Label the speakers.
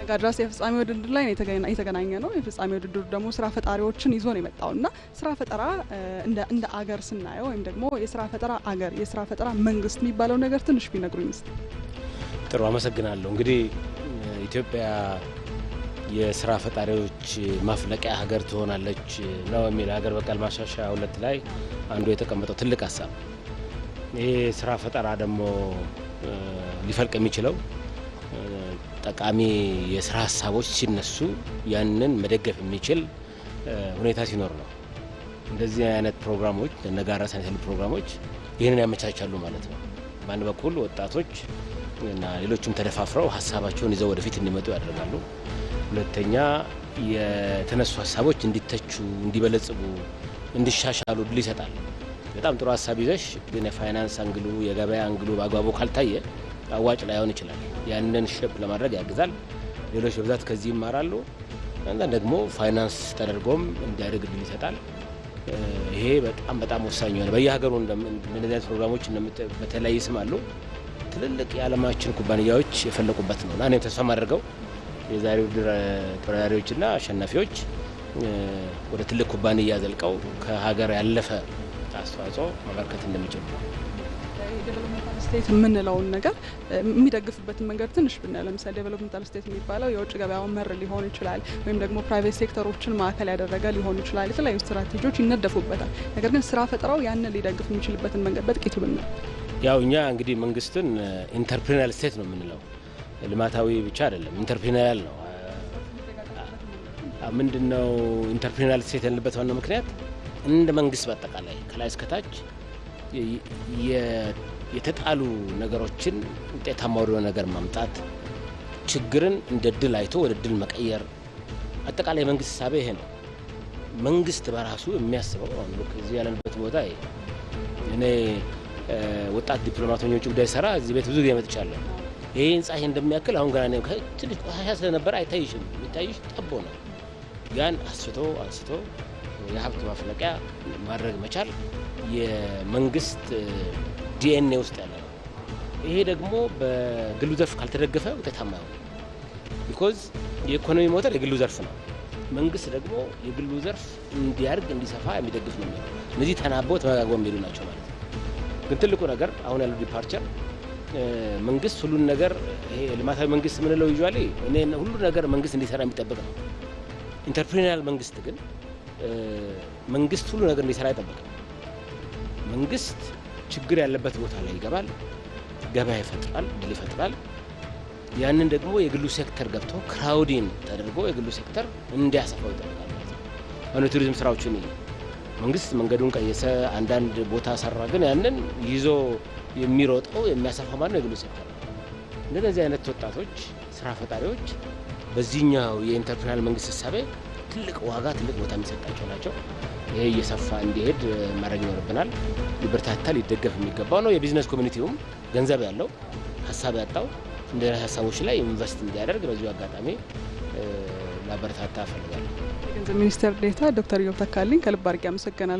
Speaker 1: ነጋድራስ የፍጻሜ ውድድር ላይ የተገናኘ ነው። የፍጻሜ ውድድሩ ደግሞ ስራ ፈጣሪዎችን ይዞ ነው የመጣው እና ስራ ፈጠራ እንደ አገር ስናየው ወይም ደግሞ የስራ ፈጠራ አገር የስራ ፈጠራ መንግስት የሚባለው ነገር ትንሽ ቢነግሩ ይመስል።
Speaker 2: ጥሩ አመሰግናለሁ። እንግዲህ ኢትዮጵያ የስራ ፈጣሪዎች ማፍለቂያ ሀገር ትሆናለች ነው የሚል ሀገር በቀል ማሻሻያ ሁለት ላይ አንዱ የተቀመጠው ትልቅ ሀሳብ። ይህ ስራ ፈጠራ ደግሞ ሊፈልቅ የሚችለው ጠቃሚ የስራ ሀሳቦች ሲነሱ ያንን መደገፍ የሚችል ሁኔታ ሲኖር ነው። እንደዚህ አይነት ፕሮግራሞች ነጋራ ሳይነት ያሉ ፕሮግራሞች ይህንን ያመቻቻሉ ማለት ነው። በአንድ በኩል ወጣቶች እና ሌሎችም ተደፋፍረው ሀሳባቸውን ይዘው ወደፊት እንዲመጡ ያደርጋሉ። ሁለተኛ የተነሱ ሀሳቦች እንዲተቹ፣ እንዲበለጽጉ፣ እንዲሻሻሉ ድል ይሰጣል። በጣም ጥሩ ሀሳብ ይዘሽ ግን የፋይናንስ አንግሉ የገበያ አንግሉ በአግባቡ ካልታየ አዋጭ ላይሆን ይችላል። ያንን ሸፕ ለማድረግ ያግዛል። ሌሎች በብዛት ከዚህ ይማራሉ። አንዳንድ ደግሞ ፋይናንስ ተደርጎም እንዲያደርግ እድል ይሰጣል። ይሄ በጣም በጣም ወሳኝ የሆነ በየሀገሩ እንደዚህ ፕሮግራሞች በተለያየ ስም አሉ። ትልልቅ የዓለማችን ኩባንያዎች የፈለቁበት ነው እና እኔም ተስፋ ማድረገው የዛሬ ውድድር ተወዳዳሪዎችና አሸናፊዎች ወደ ትልቅ ኩባንያ ዘልቀው ከሀገር ያለፈ አስተዋጽኦ ማበርከት እንደሚችሉ
Speaker 1: ስቴት የምንለውን ነገር የሚደግፍበትን መንገድ ትንሽ ብናየ ለምሳሌ ዴቨሎፕመንታል ስቴት የሚባለው የውጭ ገበያውን መር ሊሆን ይችላል፣ ወይም ደግሞ ፕራይቬት ሴክተሮችን ማዕከል ያደረገ ሊሆን ይችላል። የተለያዩ ስትራቴጂዎች ይነደፉበታል። ነገር ግን ስራ ፈጥረው ያንን ሊደግፍ የሚችልበትን መንገድ በጥቂቱ ብናይ፣
Speaker 2: ያው እኛ እንግዲህ መንግስትን ኢንተርፕሪናል ስቴት ነው የምንለው። ልማታዊ ብቻ አይደለም፣ ኢንተርፕሪናል ነው። ምንድነው ኢንተርፕሪናል ስቴት ያለበት ዋናው ምክንያት እንደ መንግስት በአጠቃላይ ከላይ እስከታች የተጣሉ ነገሮችን ውጤታማ ወደ ነገር ማምጣት፣ ችግርን እንደ ድል አይቶ ወደ ድል መቀየር፣ አጠቃላይ መንግስት ሳቢያ ይሄ ነው። መንግስት በራሱ የሚያስበው እዚህ ያለንበት ቦታ እኔ ወጣት ዲፕሎማተኞች ጉዳይ ሰራ እዚህ ቤት ብዙ ጊዜ መጥቻለሁ። ይህ ህንፃ ይሄ እንደሚያክል አሁን ገና ትንሽ ቆሻሻ ስለነበረ አይታይሽም። የሚታይሽ ጠቦ ነው። ያን አስፍቶ አንስቶ የሀብት ማፍለቂያ ማድረግ መቻል የመንግስት ዲኤንኤ ውስጥ ያለ ነው። ይሄ ደግሞ በግሉ ዘርፍ ካልተደገፈ ውጤታማ ነው። ቢኮዝ የኢኮኖሚ ሞተር የግሉ ዘርፍ ነው። መንግስት ደግሞ የግሉ ዘርፍ እንዲያድግ እንዲሰፋ የሚደግፍ ነው። እነዚህ ተናበው ተመጋግቦ የሚሄዱ ናቸው ማለት ነው። ግን ትልቁ ነገር አሁን ያለው ዲፓርቸር መንግስት ሁሉን ነገር ይሄ ልማታዊ መንግስት የምንለው ይዟል። እኔ ሁሉ ነገር መንግስት እንዲሰራ የሚጠብቅ ነው። ኢንተርፕሪናል መንግስት ግን መንግስት ሁሉ ነገር እንዲሰራ አይጠበቅም። መንግስት ችግር ያለበት ቦታ ላይ ይገባል፣ ገበያ ይፈጥራል፣ ድል ይፈጥራል። ያንን ደግሞ የግሉ ሴክተር ገብቶ ክራውዲን ተደርጎ የግሉ ሴክተር እንዲያሰፋው ይጠበቃል ማለት ነው። ስራዎችን መንግስት መንገዱን ቀየሰ፣ አንዳንድ ቦታ ሰራ፣ ግን ያንን ይዞ የሚሮጠው የሚያሰፋው ማነው? የግሉ ሴክተር። እንደነዚህ አይነት ወጣቶች ስራ ፈጣሪዎች በዚህኛው የኢንተርፕሪናል መንግስት እሳቤ ትልቅ ዋጋ ትልቅ ቦታ የሚሰጣቸው ናቸው። ይሄ እየሰፋ እንዲሄድ ማድረግ ይኖርብናል። ሊበረታታ ሊደገፍ የሚገባው ነው። የቢዝነስ ኮሚኒቲውም ገንዘብ ያለው ሀሳብ ያጣው እንደ ሀሳቦች ላይ ኢንቨስት እንዲያደርግ በዚሁ አጋጣሚ ላበረታታ እፈልጋለሁ። የገንዘብ ሚኒስትር ዴታ ዶክተር ዮብ ተካልኝ ከልብ አድርጌ አመሰግናለሁ።